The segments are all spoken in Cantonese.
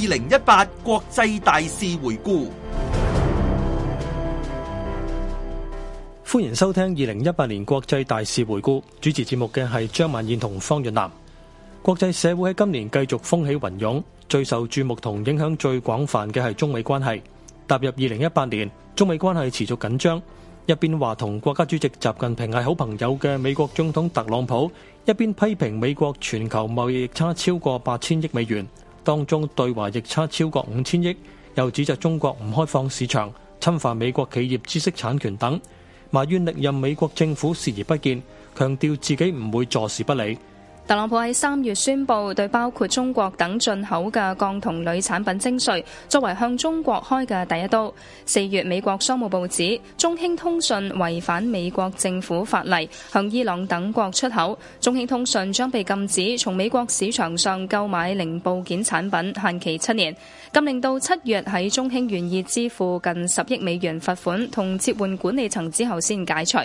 二零一八國際大事回顧，歡迎收聽二零一八年國際大事回顧。主持節目嘅係張萬燕同方潤南。國際社會喺今年繼續風起雲湧，最受注目同影響最廣泛嘅係中美關係。踏入二零一八年，中美關係持續緊張。一邊話同國家主席習近平係好朋友嘅美國總統特朗普，一邊批評美國全球貿易逆差超過八千億美元。當中對華逆差超過五千億，又指責中國唔開放市場、侵犯美國企業知識產權等，埋怨歷任美國政府視而不見，強調自己唔會坐視不理。特朗普喺三月宣布對包括中國等進口嘅鋼同鋁產品徵稅，作為向中國開嘅第一刀。四月，美國商務部指中興通訊違反美國政府法例，向伊朗等國出口。中興通訊將被禁止從美國市場上購買零部件產品，限期七年。禁令到七月喺中興願意支付近十億美元罰款同切換管理層之後先解除。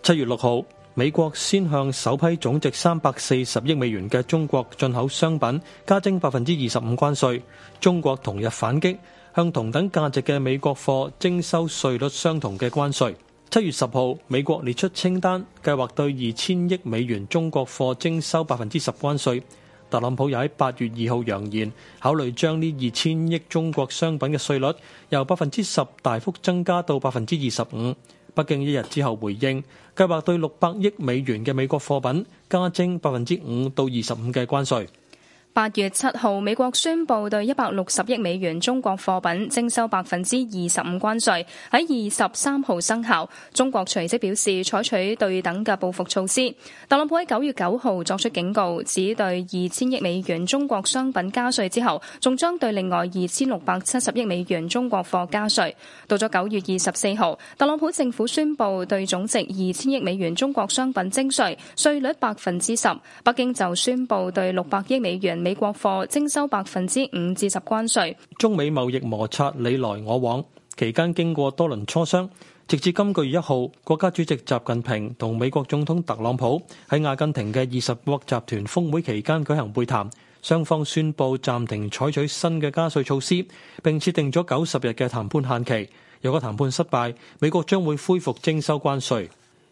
七月六號，美國先向首批總值三百四十億美元嘅中國進口商品加徵百分之二十五關稅，中國同日反擊，向同等價值嘅美國貨徵收稅率相同嘅關稅。七月十號，美國列出清單，計劃對二千億美元中國貨徵收百分之十關稅。特朗普又喺八月二號揚言，考慮將呢二千億中國商品嘅稅率由百分之十大幅增加到百分之二十五。北京一日之後回應，計劃對六百億美元嘅美國貨品加徵百分之五到二十五嘅關稅。八月七號，美國宣布對一百六十億美元中國貨品徵收百分之二十五關稅，喺二十三號生效。中國隨即表示採取對等嘅報復措施。特朗普喺九月九號作出警告，指對二千億美元中國商品加稅之後，仲將對另外二千六百七十億美元中國貨加稅。到咗九月二十四號，特朗普政府宣布對總值二千億美元中國商品徵稅，稅率百分之十。北京就宣布對六百億美元美美國貨徵收百分之五至十關稅。中美貿易摩擦你來我往期間，經過多輪磋商，直至今個月一號，國家主席習近平同美國總統特朗普喺阿根廷嘅二十國集團峰會期間舉行會談，雙方宣布暫停採取新嘅加稅措施，並設定咗九十日嘅談判限期。若果談判失敗，美國將會恢復徵收關稅。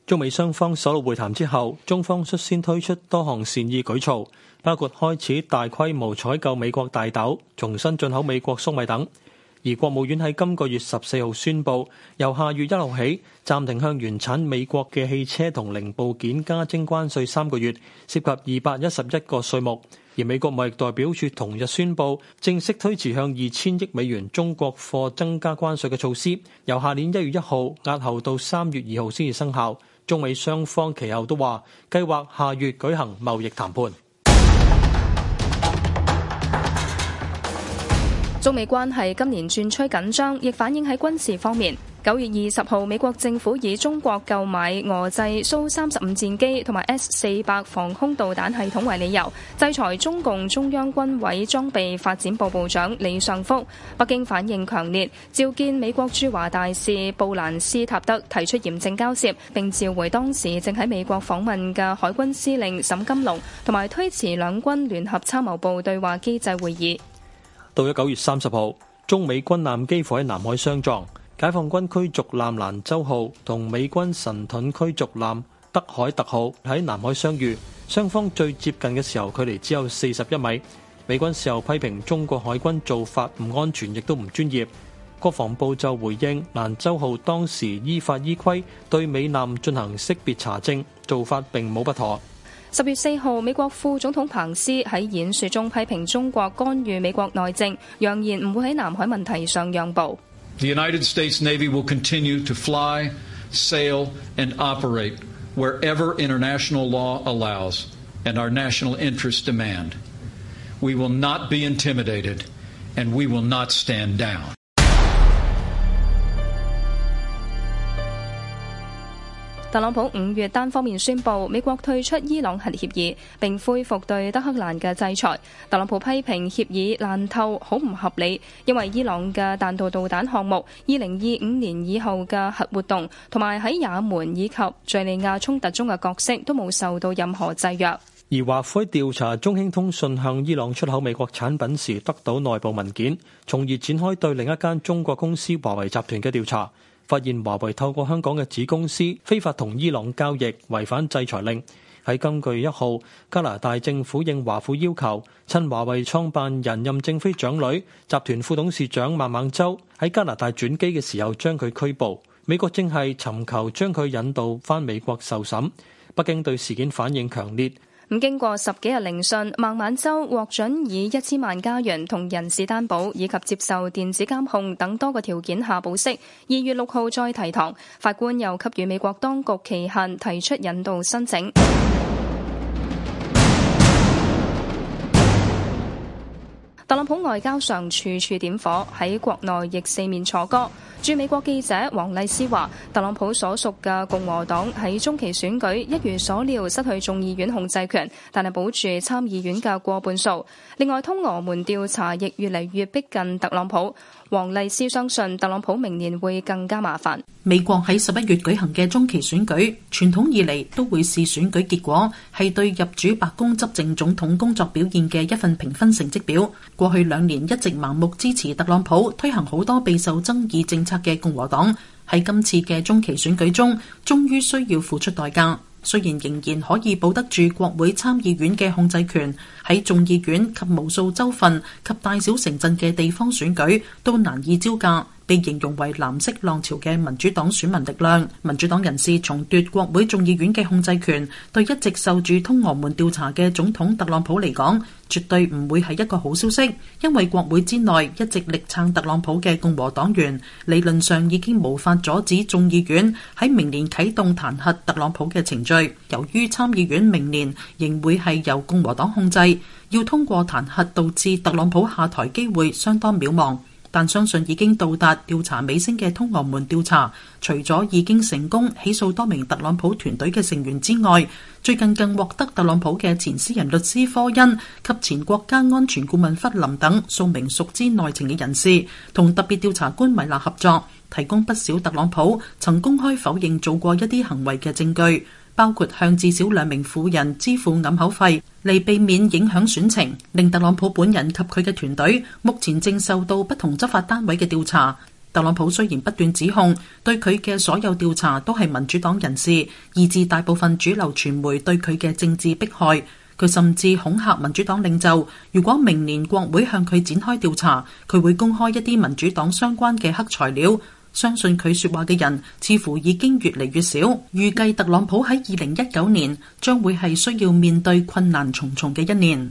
中美雙方首腦會談之後，中方率先推出多項善意舉措。包括開始大規模採購美國大豆、重新進口美國粟米等，而國務院喺今個月十四號宣布，由下月一號起暫停向原產美國嘅汽車同零部件加徵關稅三個月，涉及二百一十一個稅目。而美國貿易代表處同日宣布，正式推遲向二千億美元中國貨增加關稅嘅措施，由下年一月一號押後到三月二號先至生效。中美雙方其後都話計劃下月舉行貿易談判。中美關係今年轉趨緊張，亦反映喺軍事方面。九月二十號，美國政府以中國購買俄製蘇三十五戰機同埋 S 四百防空導彈系統為理由，制裁中共中央軍委裝備發展部部長李尚福。北京反應強烈，召見美國駐華大使布蘭斯塔德，提出嚴正交涉，並召回當時正喺美國訪問嘅海軍司令沈金龍，同埋推遲兩軍聯合參謀部對話機制會議。到咗九月三十號，中美軍艦幾乎喺南海相撞。解放軍驅逐艦蘭州號同美軍神盾驅逐艦德海特號喺南海相遇，雙方最接近嘅時候距離只有四十一米。美軍事後批評中國海軍做法唔安全，亦都唔專業。國防部就回應：蘭州號當時依法依規對美艦進行識別查證，做法並冇不妥。十月四號，美國副總統彭斯喺演說中批評中國干預美國內政，揚言唔會喺南海問題上讓步。特朗普五月單方面宣布美國退出伊朗核協議，並恢復對德黑蘭嘅制裁。特朗普批評協議爛透，好唔合理，因為伊朗嘅彈道導彈項目、二零二五年以後嘅核活動，同埋喺也門以及敘利亞衝突中嘅角色，都冇受到任何制約。而華府調查中興通訊向伊朗出口美國產品時得到內部文件，從而展開對另一間中國公司華為集團嘅調查。發現華為透過香港嘅子公司非法同伊朗交易，違反制裁令，喺今個月一號加拿大政府應華府要求，趁華為創辦人任正非長女、集團副董事長孟晚舟喺加拿大轉機嘅時候將佢拘捕。美國正係尋求將佢引渡返美國受審。北京對事件反應強烈。咁經過十幾日聆訊，孟晚舟獲准以一千萬加元同人事擔保，以及接受電子監控等多個條件下保釋。二月六號再提堂，法官又給予美國當局期限提出引渡申請。特朗普外交上處處點火，喺國內亦四面楚歌。駐美國記者黃麗思話：特朗普所屬嘅共和黨喺中期選舉一如所料失去眾議院控制權，但係保住參議院嘅過半數。另外，通俄門調查亦越嚟越逼近特朗普。黃麗思相信特朗普明年會更加麻煩。美國喺十一月舉行嘅中期選舉，傳統以嚟都會視選舉結果係對入主白宮執政總統工作表現嘅一份評分成績表。過去兩年一直盲目支持特朗普推行好多備受爭議政策嘅共和黨喺今次嘅中期選舉中，終於需要付出代價。雖然仍然可以保得住國會參議院嘅控制權，喺眾議院及無數州份及大小城鎮嘅地方選舉都難以招架。被形容為藍色浪潮嘅民主黨選民力量，民主黨人士重奪國會眾議院嘅控制權，對一直受住通俄門調查嘅總統特朗普嚟講，絕對唔會係一個好消息，因為國會之內一直力撐特朗普嘅共和黨員，理論上已經無法阻止眾議院喺明年啟動彈劾特朗普嘅程序。由於參議院明年仍會係由共和黨控制，要通過彈劾導致特朗普下台機會相當渺茫。但相信已經到達調查尾聲嘅通俄門調查，除咗已經成功起訴多名特朗普團隊嘅成員之外，最近更獲得特朗普嘅前私人律師科恩及前國家安全顧問弗林等數名熟知內情嘅人士，同特別調查官米勒合作，提供不少特朗普曾公開否認做過一啲行為嘅證據。包括向至少兩名婦人支付暗口費，嚟避免影響選情，令特朗普本人及佢嘅團隊目前正受到不同執法單位嘅調查。特朗普雖然不斷指控對佢嘅所有調查都係民主黨人士，以致大部分主流傳媒對佢嘅政治迫害，佢甚至恐嚇民主黨領袖，如果明年國會向佢展開調查，佢會公開一啲民主黨相關嘅黑材料。相信佢說話嘅人似乎已經越嚟越少，預計特朗普喺二零一九年將會係需要面對困難重重嘅一年。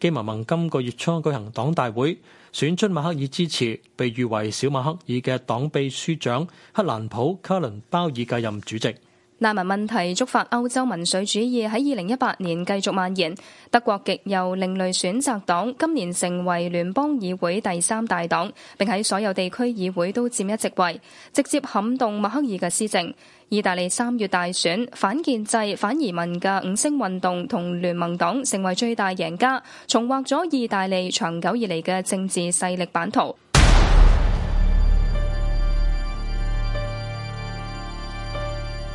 基民盟今個月初舉行黨大會，選出默克爾支持，被譽為小默克爾嘅黨秘書長克蘭普卡倫鮑爾繼任主席。難民問題觸發歐洲民粹主義，喺二零一八年繼續蔓延。德國極右另類選擇黨今年成為聯邦議會第三大黨，並喺所有地區議會都佔一席位，直接撼動默克爾嘅施政。意大利三月大選，反建制、反移民嘅五星運動同聯盟黨成為最大贏家，重劃咗意大利長久以嚟嘅政治勢力版圖。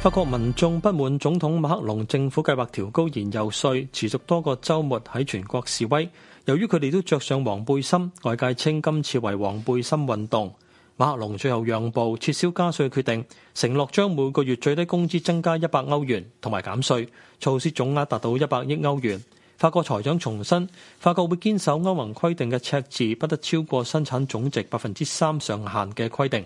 法國民眾不滿總統馬克龍政府計劃調高燃油稅，持續多個週末喺全國示威。由於佢哋都着上黃背心，外界稱今次為黃背心運動。馬克龍最後讓步，撤銷加稅決定，承諾將每個月最低工資增加一百歐元和減，同埋減稅措施總額達到一百億歐元。法國財長重申，法國會堅守歐盟規定嘅赤字不得超過生產總值百分之三上限嘅規定。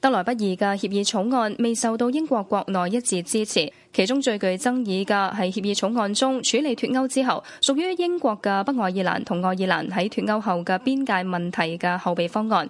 得來不易嘅協議草案未受到英國國內一致支持，其中最具爭議嘅係協議草案中處理脱歐之後屬於英國嘅北愛爾蘭同愛爾蘭喺脱歐後嘅邊界問題嘅後備方案。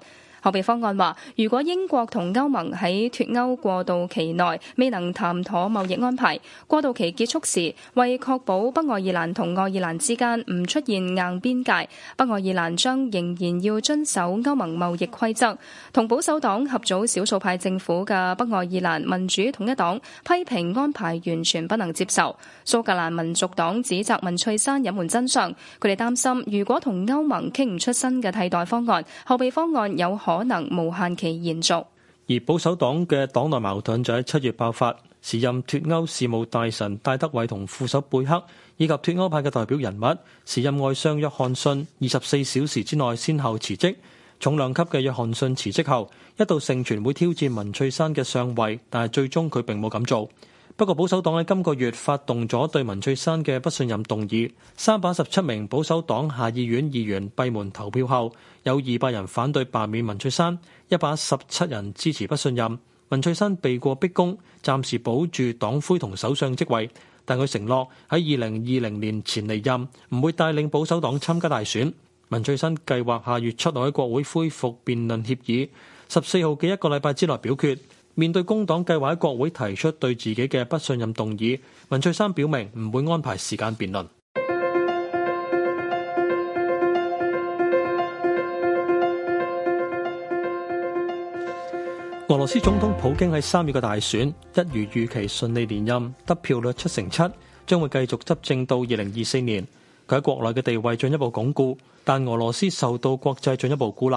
後備方案話，如果英國同歐盟喺脱歐過渡期內未能談妥貿易安排，過渡期結束時，為確保北愛爾蘭同愛爾蘭之間唔出現硬邊界，北愛爾蘭將仍然要遵守歐盟貿易規則。同保守黨合組少數派政府嘅北愛爾蘭民主統一黨批評安排完全不能接受，蘇格蘭民族黨指責文翠珊隱瞞真相，佢哋擔心如果同歐盟傾唔出新嘅替代方案，後備方案有可。可能無限期延續。而保守黨嘅黨內矛盾就喺七月爆發，時任脫歐事務大臣戴德偉同副手貝克以及脫歐派嘅代表人物時任外相約翰遜二十四小時之內先後辭職。重量級嘅約翰遜辭職後，一度盛傳會挑戰文翠珊嘅上位，但係最終佢並冇咁做。不過保守黨喺今個月發動咗對文翠珊嘅不信任動議，三百十七名保守黨下議院議員閉門投票後，有二百人反對罷免文翠珊，一百十七人支持不信任。文翠珊避過逼宮，暫時保住黨魁同首相職位，但佢承諾喺二零二零年前離任，唔會帶領保守黨參加大選。文翠珊計劃下月出嚟喺國會恢復辯論協議，十四號嘅一個禮拜之內表決。面對工黨計劃喺國會提出對自己嘅不信任動議，文翠珊表明唔會安排時間辯論。俄羅斯總統普京喺三月嘅大選一如預期順利連任，得票率七成七，將會繼續執政到二零二四年。佢喺國內嘅地位進一步鞏固，但俄羅斯受到國際進一步孤立。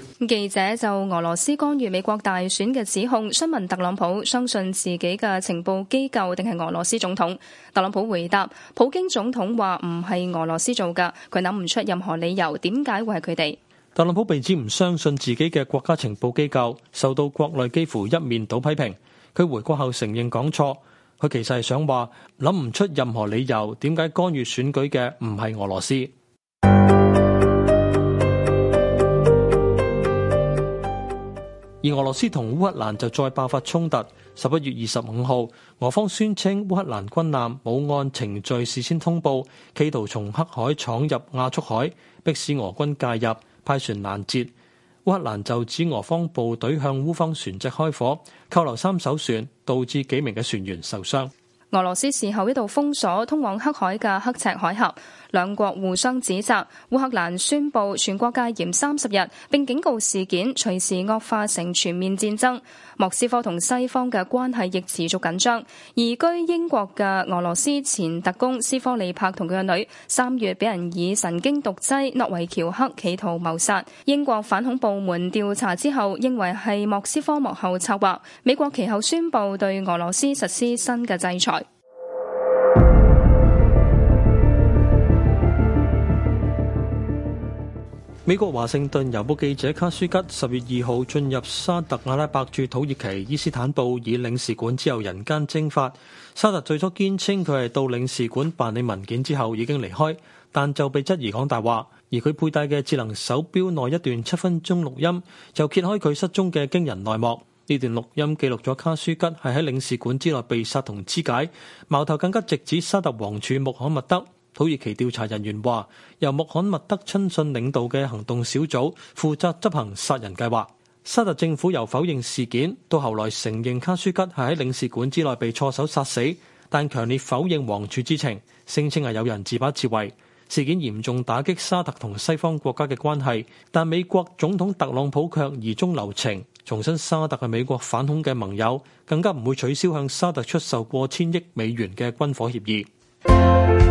記者就俄羅斯干預美國大選嘅指控，詢問特朗普相信自己嘅情報機構定係俄羅斯總統。特朗普回答，普京總統話唔係俄羅斯做㗎，佢諗唔出任何理由點解會係佢哋。特朗普被指唔相信自己嘅國家情報機構，受到國內幾乎一面倒批評。佢回國後承認講錯，佢其實係想話諗唔出任何理由點解干預選舉嘅唔係俄羅斯。而俄羅斯同烏克蘭就再爆發衝突。十一月二十五號，俄方宣稱烏克蘭軍艦冇按程序事先通報，企圖從黑海闖入亞速海，迫使俄軍介入派船攔截。烏克蘭就指俄方部隊向烏方船隻開火，扣留三艘船，導致幾名嘅船員受傷。俄羅斯事後一度封鎖通往黑海嘅黑赤海峽，兩國互相指責。烏克蘭宣布全國戒嚴三十日，並警告事件隨時惡化成全面戰爭。莫斯科同西方嘅關係亦持續緊張。移居英國嘅俄羅斯前特工斯科利柏同佢個女，三月俾人以神經毒劑諾維喬克企圖謀殺。英國反恐部門調查之後，認為係莫斯科幕後策劃。美國其後宣布對俄羅斯實施新嘅制裁。美國華盛頓郵報記者卡舒吉十月二號進入沙特阿拉伯駐土耳其伊斯坦布爾以領事館之後人間蒸發。沙特最初堅稱佢係到領事館辦理文件之後已經離開，但就被質疑講大話。而佢佩戴嘅智能手錶內一段七分鐘錄音，就揭開佢失蹤嘅驚人內幕。呢段錄音記錄咗卡舒吉係喺領事館之內被殺同肢解，矛頭更加直指沙特王儲穆罕默德。土耳其調查人員話，由穆罕默德親信領導嘅行動小組負責執行殺人計劃。沙特政府由否認事件，到後來承認卡舒吉係喺領事館之內被錯手殺死，但強烈否認王儲知情，聲稱係有人自把自為。事件嚴重打擊沙特同西方國家嘅關係，但美國總統特朗普卻疑中留情，重申沙特係美國反恐嘅盟友，更加唔會取消向沙特出售過千億美元嘅軍火協議。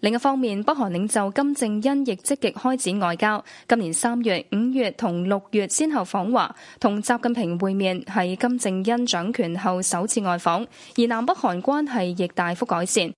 另一方面，北韓領袖金正恩亦積極開展外交。今年三月、五月同六月，先後訪華，同習近平會面，係金正恩掌權後首次外訪。而南北韓關係亦大幅改善。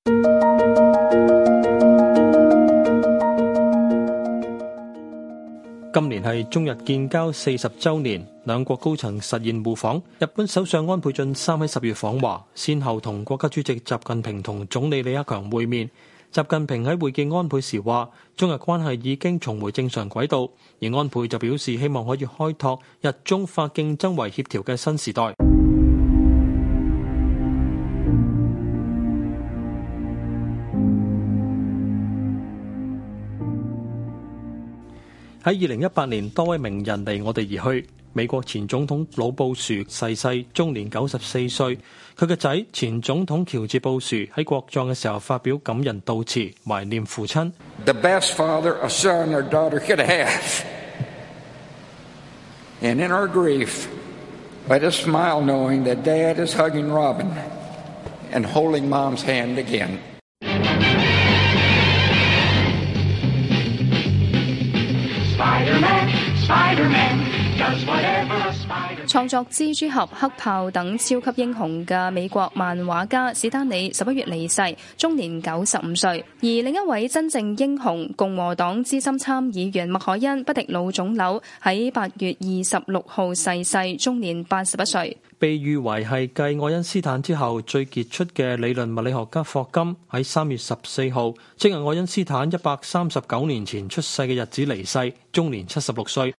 今年係中日建交四十週年，兩國高層實現互訪。日本首相安倍晉三喺十月訪華，先後同國家主席習近平同總理李克強會面。習近平喺會見安倍時話：中日關係已經重回正常軌道，而安倍就表示希望可以開拓日中化競爭為協調嘅新時代。喺二零一八年，多位名人離我哋而去。美國前總統老布殊逝世，終年九十四歲。佢嘅仔前總統喬治布殊喺國葬嘅時候發表感人悼詞，懷念父親。創作蜘蛛俠、黑豹等超級英雄嘅美國漫畫家史丹尼十一月離世，終年九十五歲。而另一位真正英雄、共和黨資深參議員麥凱恩不敵腦腫瘤，喺八月二十六號逝世，終年八十一歲。被譽為係繼愛因斯坦之後最傑出嘅理論物理學家霍金喺三月十四號，即係愛因斯坦一百三十九年前出世嘅日子離世，終年七十六歲。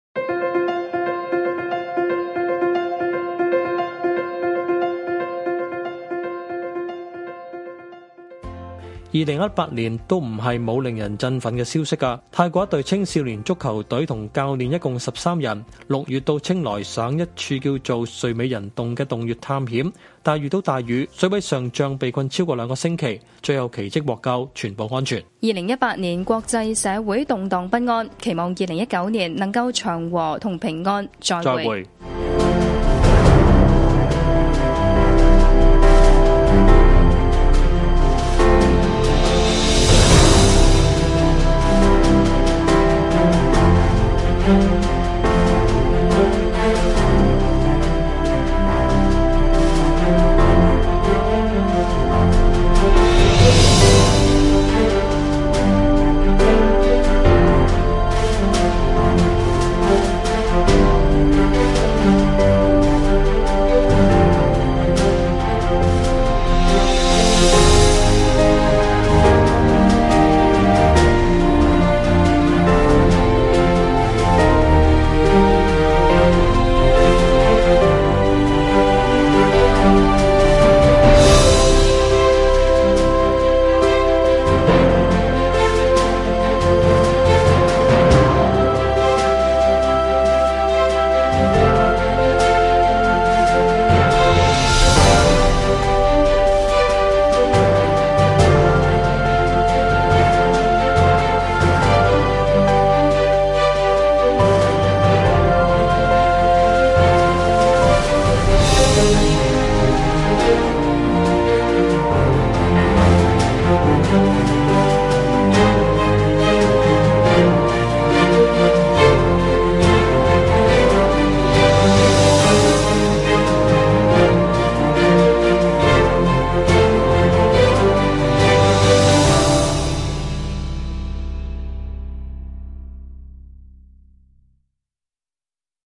二零一八年都唔係冇令人振奮嘅消息㗎。泰國一隊青少年足球隊同教練一共十三人，六月到清萊省一處叫做睡美人洞嘅洞穴探險，但係遇到大雨，水位上漲，被困超過兩個星期，最後奇蹟獲救，全部安全。二零一八年國際社會動盪不安，期望二零一九年能夠祥和同平安。再會。再會。